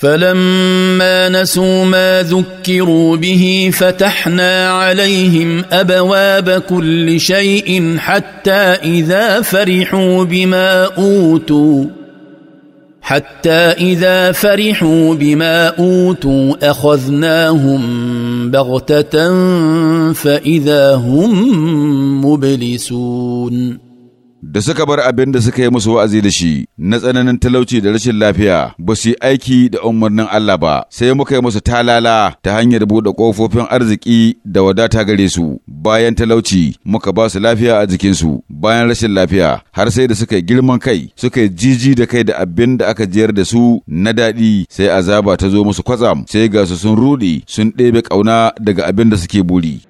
فلما نسوا ما ذكروا به فتحنا عليهم ابواب كل شيء حتى اذا فرحوا بما اوتوا حتى اذا فرحوا بما اوتوا اخذناهم بغته فاذا هم مبلسون da suka bar abin da suka yi musu wa'azi da shi na tsananin talauci da rashin lafiya ba su yi aiki da umarnin Allah ba sai muka yi musu talala ta hanyar buɗe ƙofofin arziki da wadata gare su bayan talauci muka ba su lafiya a jikinsu bayan rashin lafiya har sai da suka yi girman kai suka yi jiji da kai da abin da aka jiyar da su na daɗi sai azaba ta zo musu kwatsam sai ga su sun ruɗe sun ɗebe ƙauna daga abin da suke buri